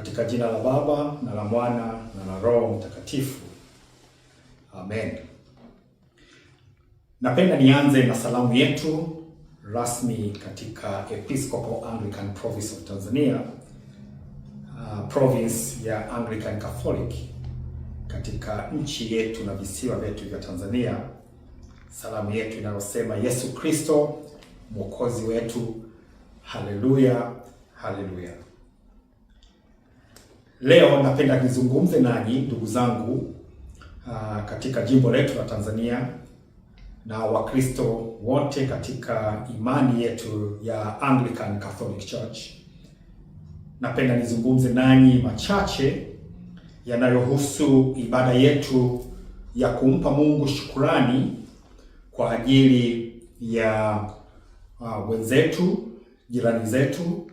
Katika jina la Baba na la Mwana na la Roho Mtakatifu, amen. Napenda nianze na salamu yetu rasmi katika Episcopal Anglican Province of Tanzania, uh, province ya Anglican Catholic katika nchi yetu na visiwa vyetu vya Tanzania, salamu yetu inayosema Yesu Kristo mwokozi wetu, haleluya haleluya. Leo napenda nizungumze nanyi ndugu zangu uh, katika jimbo letu la Tanzania na Wakristo wote katika imani yetu ya Anglican Catholic Church. Napenda nizungumze nanyi machache yanayohusu ibada yetu ya kumpa Mungu shukurani kwa ajili ya uh, wenzetu, jirani zetu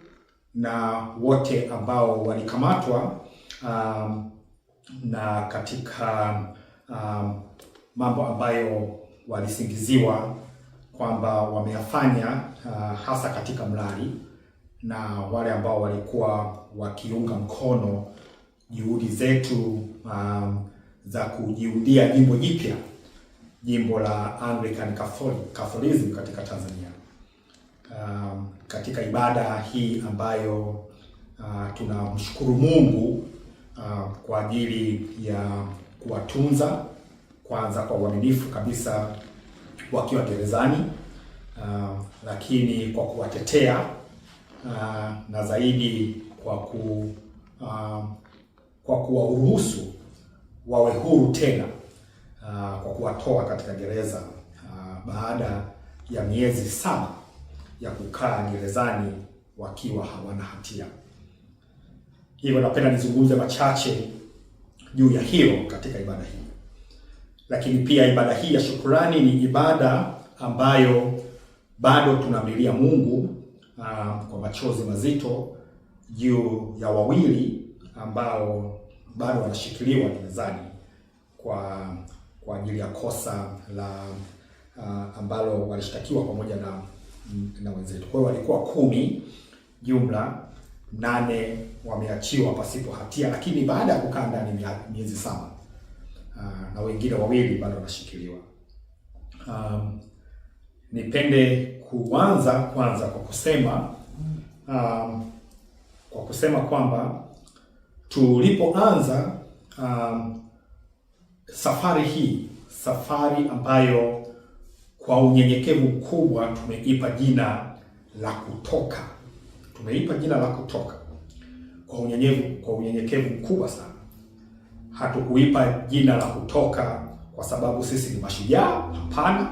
na wote ambao walikamatwa um, na katika um, mambo ambayo walisingiziwa kwamba wameyafanya uh, hasa katika Mlali na wale ambao walikuwa wakiunga mkono juhudi zetu um, za kujiundia jimbo jipya, jimbo la Anglican Catholicism katika Tanzania um, katika ibada hii ambayo uh, tunamshukuru Mungu uh, kwa ajili ya kuwatunza kwanza kwa uaminifu kabisa wakiwa gerezani uh, lakini kwa kuwatetea uh, na zaidi kwa ku uh, kwa kuwaruhusu wawe huru tena uh, kwa kuwatoa katika gereza uh, baada ya miezi saba ya kukaa gerezani wakiwa hawana hatia. Hivyo napenda nizungumze machache juu ya hilo katika ibada hii. Lakini pia ibada hii ya shukurani ni ibada ambayo bado tunamlilia Mungu uh, kwa machozi mazito juu ya wawili ambao bado wanashikiliwa gerezani kwa kwa ajili ya kosa la uh, ambalo walishtakiwa pamoja na na wenzetu. Kwa hiyo walikuwa kumi jumla, nane wameachiwa pasipo hatia, lakini baada ya kukaa ndani miezi saba, ah, na wengine wawili bado wanashikiliwa. Um, nipende kuanza kwanza kwa kusema um, kwa kusema kwamba tulipoanza um, safari hii, safari ambayo kwa unyenyekevu mkubwa tumeipa jina la kutoka, tumeipa jina la kutoka kwa unyenyevu, kwa unyenyekevu mkubwa sana. Hatukuipa jina la kutoka kwa sababu sisi ni mashujaa, hapana.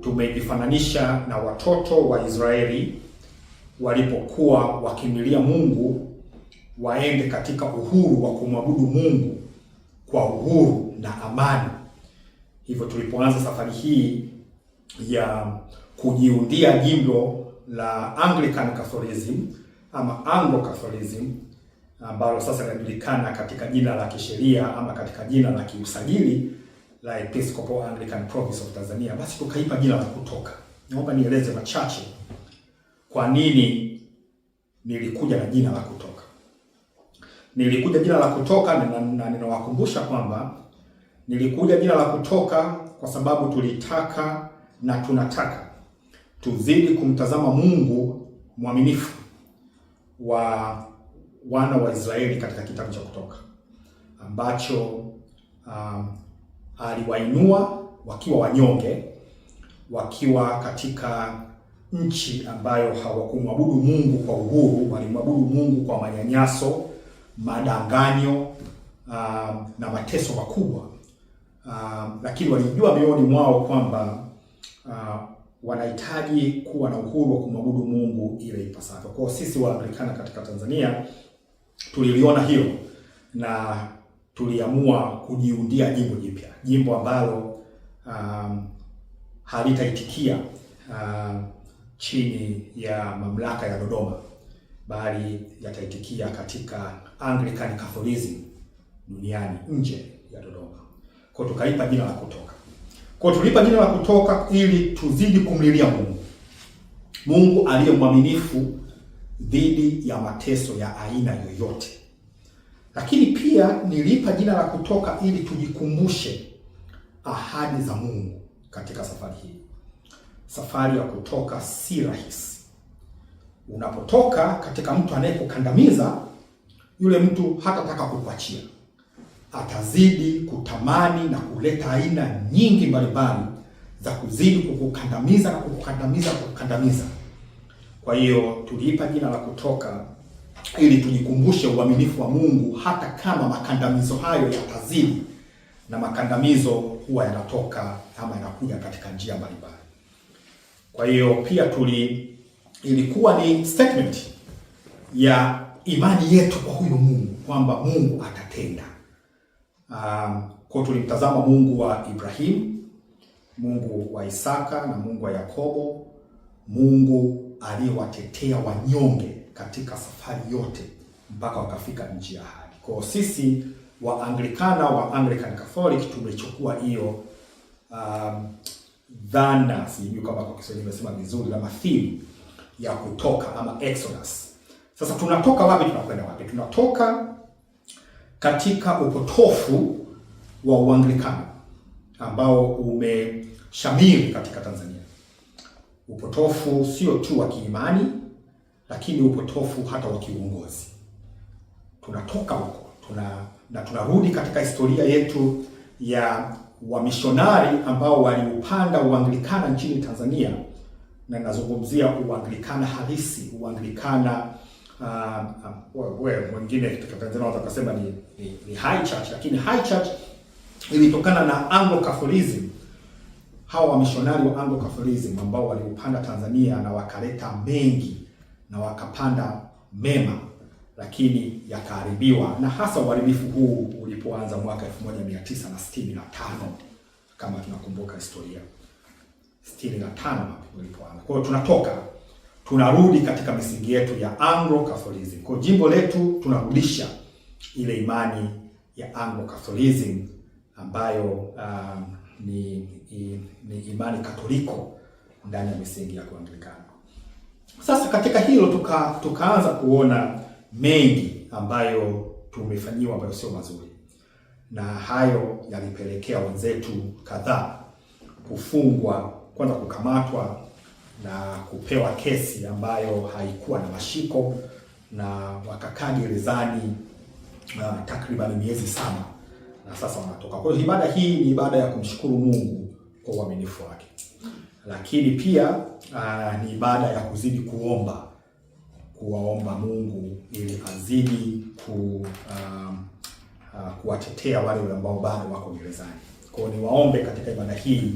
Tumejifananisha na watoto wa Israeli walipokuwa wakimlilia Mungu waende katika uhuru wa kumwabudu Mungu kwa uhuru na amani. Hivyo tulipoanza safari hii ya kujiundia jimbo la Anglican Catholicism ama Anglo Catholicism ambalo sasa linajulikana katika jina la kisheria ama katika jina la kiusajili la Episcopal Anglican Province of Tanzania, basi tukaipa jina la Kutoka. Naomba nieleze machache kwa nini nilikuja na jina la Kutoka. Nilikuja jina la Kutoka na ninawakumbusha kwamba nilikuja jina la Kutoka kwa sababu tulitaka na tunataka tuzidi kumtazama Mungu mwaminifu wa wana wa Israeli katika kitabu cha Kutoka ambacho um, aliwainua wakiwa wanyonge, wakiwa katika nchi ambayo hawakumwabudu Mungu kwa uhuru, walimwabudu Mungu kwa manyanyaso, madanganyo uh, na mateso makubwa uh, lakini walijua mioyoni mwao kwamba uh, wanahitaji kuwa na uhuru wa kumwabudu Mungu ile ipasavyo. Kwa sisi Waanglikana katika Tanzania tuliliona hilo na tuliamua kujiundia jimbo jipya, jimbo ambalo um, halitaitikia uh, chini ya mamlaka ya Dodoma bali yataitikia katika Anglican Catholicism duniani nje ya Dodoma. Kwa tukaipa jina la kutoka kwa tulipa jina la kutoka ili tuzidi kumlilia Mungu. Mungu aliye mwaminifu dhidi ya mateso ya aina yoyote. Lakini pia nilipa jina la kutoka ili tujikumbushe ahadi za Mungu katika safari hii. Safari ya kutoka si rahisi. Unapotoka katika mtu anayekukandamiza, yule mtu hatataka kukuachia atazidi kutamani na kuleta aina nyingi mbalimbali za kuzidi kukukandamiza na kukukandamiza kukukandamiza. Kwa hiyo tuliipa jina la Kutoka ili tujikumbushe uaminifu wa Mungu hata kama makandamizo hayo yatazidi, na makandamizo huwa yanatoka ama yanakuja katika njia mbalimbali. Kwa hiyo pia tuli ilikuwa ni statement ya imani yetu kwa huyo Mungu kwamba Mungu atatenda. Um, kwa tulimtazama Mungu wa Ibrahimu, Mungu wa Isaka na Mungu wa Yakobo, Mungu aliyewatetea wanyonge katika safari yote mpaka wakafika nchi ya ahadi. Kwa sisi Waanglikana wa Anglican Catholic tumechukua hiyo um, dhana, sijui kama kwa Kiswahili nimesema vizuri, ama theme ya kutoka ama Exodus. Sasa tunatoka wapi, tunakwenda wapi? Tunatoka katika upotofu wa Uanglikana ambao umeshamiri katika Tanzania. Upotofu sio tu wa kiimani, lakini upotofu hata wa kiuongozi. Tunatoka huko tuna na tunarudi katika historia yetu ya wamishonari ambao waliupanda Uanglikana nchini Tanzania, na nazungumzia Uanglikana halisi, Uanglikana wewe ah, ah, mwingine katika Tanzania watu wakasema ni, ni, ni high church, lakini high church ilitokana na Anglo Catholicism. Hawa wamishonari wa Anglo Catholicism ambao waliupanda Tanzania na wakaleta mengi na wakapanda mema, lakini yakaharibiwa, na hasa uharibifu huu ulipoanza mwaka 1965 kama tunakumbuka historia 65 ulipoanza. Kwa hiyo tunatoka tunarudi katika misingi yetu ya Anglo Catholicism. Kwa jimbo letu tunarudisha ile imani ya Anglo Catholicism ambayo uh, ni, ni, ni imani Katoliko ndani ya misingi ya Kuanglikana. Sasa katika hilo tuka, tukaanza kuona mengi ambayo tumefanyiwa ambayo sio mazuri, na hayo yalipelekea wenzetu kadhaa kufungwa, kwanza kukamatwa na kupewa kesi ambayo haikuwa na mashiko na wakakaa gerezani uh, takriban miezi saba na sasa wanatoka. Kwa hiyo ibada hii ni ibada ya kumshukuru Mungu kwa uaminifu wake, lakini pia uh, ni ibada ya kuzidi kuomba kuwaomba Mungu ili azidi ku uh, uh, kuwatetea wale ambao bado wako gerezani. Kwa hiyo niwaombe katika ibada hii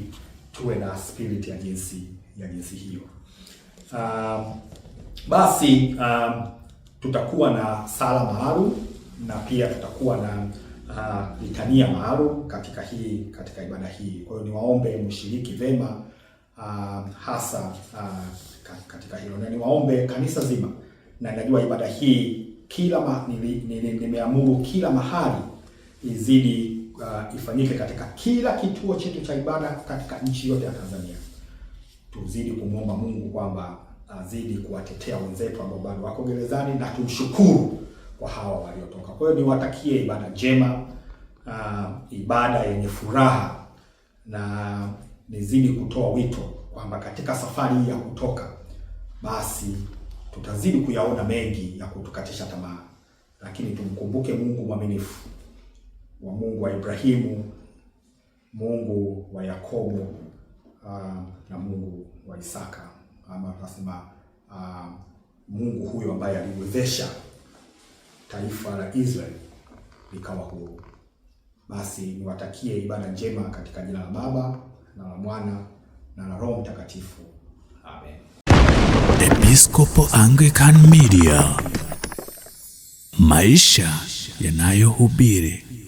tuwe na spirit ya jinsi ya jinsi hiyo. Uh, basi uh, tutakuwa na sala maalum na pia tutakuwa na uh, maalum katika hii katika ibada hii. Kwa hiyo niwaombe mshiriki vema uh, hasa uh, katika hilo, na niwaombe kanisa zima, na najua ibada hii kila nimeamuru kila mahali izidi uh, ifanyike katika kila kituo chetu cha ibada katika nchi yote ya Tanzania. Tuzidi kumwomba Mungu kwamba uh, azidi kuwatetea wenzetu ambao bado wako gerezani na tumshukuru kwa hawa waliotoka. Kwa hiyo niwatakie ibada njema, uh, ibada yenye furaha na nizidi kutoa wito kwamba katika safari hii ya kutoka basi tutazidi kuyaona mengi ya kutukatisha tamaa, lakini tumkumbuke Mungu mwaminifu wa Mungu wa Ibrahimu, Mungu wa Yakobo uh, na Mungu wa Isaka ama tunasema uh, Mungu huyo ambaye aliwezesha taifa la Israeli likawa huru. Basi niwatakie ibada njema katika jina la Baba na la Mwana na la Roho Mtakatifu. Amen. Episcopal Anglican Media. Maisha yanayohubiri.